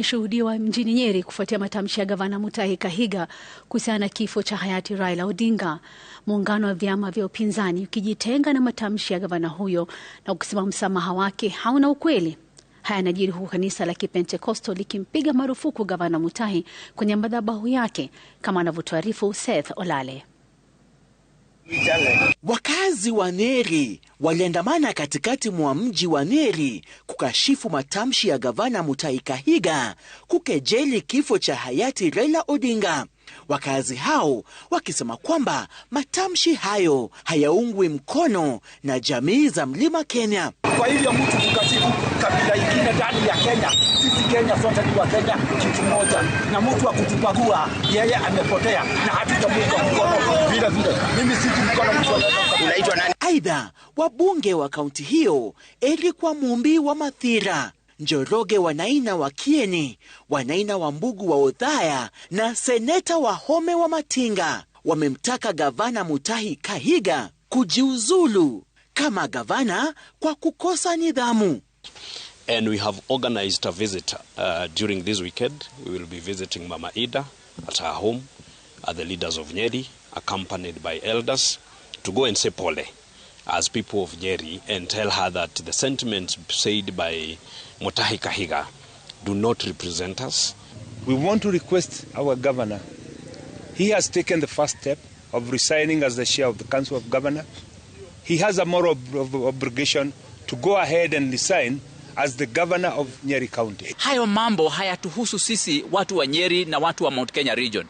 yameshuhudiwa mjini Nyeri kufuatia matamshi ya gavana Mutahi Kahiga kuhusiana na kifo cha hayati Raila Odinga, muungano wa vyama vya upinzani ukijitenga na matamshi ya gavana huyo na kusema msamaha wake hauna ukweli. Haya yanajiri huku kanisa la Kipentekosto likimpiga marufuku gavana Mutahi kwenye madhabahu yake, kama anavyotuarifu Seth Olale. Wakazi wa Nyeri waliandamana katikati mwa mji wa Nyeri kukashifu matamshi ya gavana Mutahi Kahiga kukejeli kifo cha hayati Raila Odinga. Wakazi hao wakisema kwamba matamshi hayo hayaungwi mkono na jamii za Mlima Kenya. Kwa hivyo mtu kukashifu kabila ingine ndani ya Kenya, sisi Kenya sote ni Wakenya Kenya kitu moja, na mtu wa kutupagua yeye amepotea na hatutamuunga mkono vile vile. Mimi siji mkono mtu Unaitwa nani? Aidha, wabunge wa kaunti hiyo eri kwa Mumbi wa Mathira, Njoroge Wanaina wa Kieni, Wanaina wa Mbugu wa odhaya na seneta wa home wa Matinga wamemtaka gavana Mutahi Kahiga kujiuzulu kama gavana kwa kukosa nidhamu. And we have organized a visit uh, during this weekend. We will be visiting Mama Ida at her home, at the leaders of Nyeri, accompanied by elders to go and say pole as people of Nyeri and tell her that the sentiments said by Mutahi Kahiga do not represent us. We want to request our governor. He has taken the first step of resigning as the chair of the Council of Governors. He has a moral ob ob obligation to go ahead and resign as the governor of Nyeri County. Hayo mambo hayatuhusu sisi watu wa Nyeri na watu wa Mount Kenya region.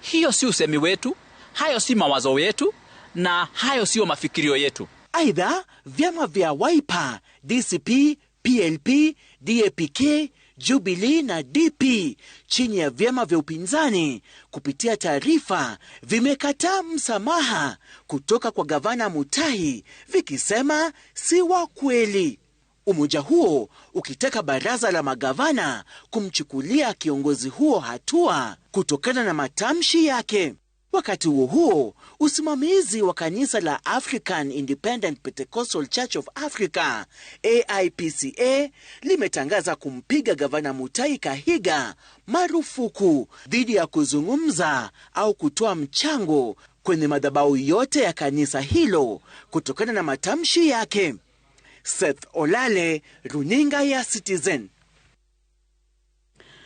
Hiyo si usemi wetu, hayo si mawazo yetu na hayo siyo mafikirio yetu. Aidha, vyama vya Waipa, DCP, PLP, DAPK, Jubilee na DP chini ya vyama vya upinzani kupitia taarifa vimekataa msamaha kutoka kwa gavana Mutahi vikisema si wa kweli. Umoja huo ukitaka baraza la magavana kumchukulia kiongozi huo hatua kutokana na matamshi yake. Wakati huo huo, usimamizi wa kanisa la African Independent Pentecostal Church of Africa AIPCA limetangaza kumpiga gavana Mutahi Kahiga marufuku dhidi ya kuzungumza au kutoa mchango kwenye madhabahu yote ya kanisa hilo kutokana na matamshi yake. Seth Olale, runinga ya Citizen.